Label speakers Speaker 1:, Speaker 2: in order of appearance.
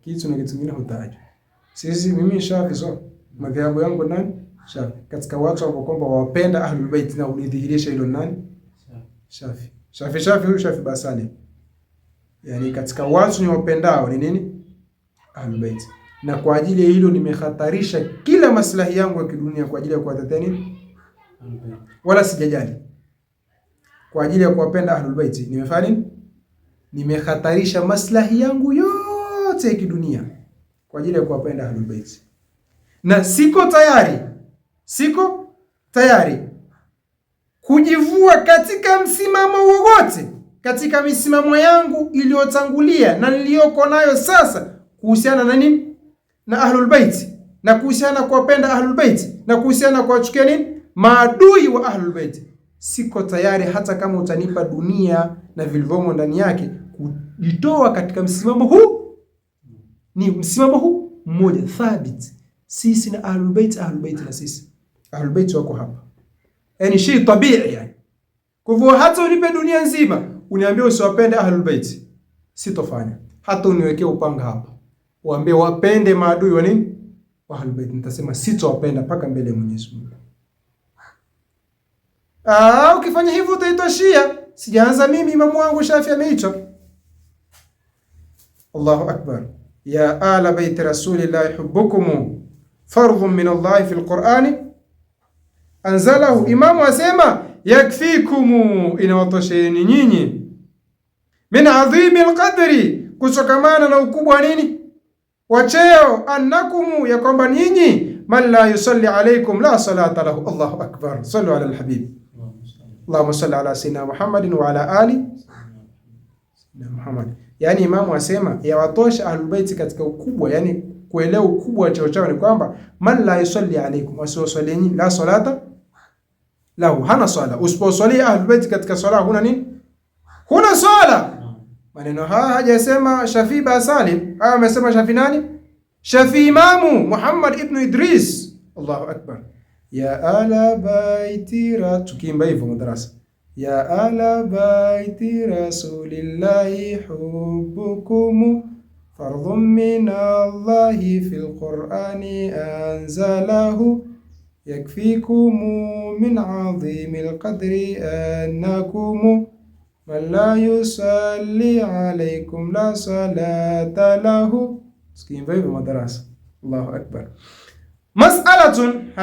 Speaker 1: Kitu na kitu kingine hutajwa. Sisi mimi Shafi so madhehebu yangu nani? Shafi. Katika watu ambao kwamba wapenda Ahlul Bait na ulidhihirisha hilo nani? Shafi. Shafi Shafi huyu Shafi Basali. yani katika watu ni wapendao ni nini? Ahlul Bait. Na kwa ajili ya hilo nimehatarisha kila maslahi yangu ya kidunia kwa ajili ya kuwatetea nini? Wala sijajali. Kwa ajili ya kuwapenda Ahlul Bait nimefanya nini? Nimehatarisha maslahi yangu yote yote ya kidunia kwa ajili ya kuwapenda Ahlul Bait. Na siko tayari, siko tayari kujivua katika msimamo wowote katika misimamo yangu iliyotangulia na niliyoko nayo sasa kuhusiana na nini na Ahlul Bait na kuhusiana na kuwapenda Ahlul Bait na kuhusiana na kuwachukia nini maadui wa Ahlul Bait. Siko tayari hata kama utanipa dunia na vilivyomo ndani yake kujitoa katika msimamo huu ni msimamo huu mmoja thabit, sisi na Ahlul Bait, Ahlul Bait na sisi. Ahlul Bait wako hapa, yani shi tabii, yani kwa hivyo hata unipe dunia nzima uniambie usiwapende Ahlul Bait, sitofanya. Hata uniwekee upanga hapa uambie wapende maadui wa nini wa Ahlul Bait, nitasema sitowapenda mpaka mbele ya Mwenyezi Mungu. Ah, ukifanya hivyo utaitwa Shia. Sijaanza mimi, imamu wangu Shafi ameitwa. Allahu akbar. يا آل بيت رسول الله يحبكم فرض من الله في القرآن أنزله إمام أسيما يكفيكم إن وطشينيني من عظيم القدر كسكمان نوكب ونيني وشيو أنكم يكون بنيني من لا يصلي عليكم لا صلاة له الله أكبر صلوا على الحبيب اللهم صل على سيدنا محمد وعلى آله na Muhammad. Yaani imamu asema yawatosha ahlulbeiti katika ukubwa, yani kuelewa ukubwa wa cheo chao ni kwamba man la yusalli alaikum, wasiwaswalie nyinyi, la salata lahu, hana swala. Usiposwalia ahlulbeiti katika swala huna nini? Huna swala. Maneno haya hajasema Shafi ba Salim, haya amesema Shafi nani? Shafi Imamu Muhammad ibn Idris. Allahu akbar ya ala baitira, tukiimba hivyo madarasa يا آل بيت رسول الله حبكم فرض من الله في القرآن أنزله يكفيكم من عظيم القدر أنكم من لا يصلي عليكم لا صلاة له مسكين بيبي مدرسة الله أكبر مسألة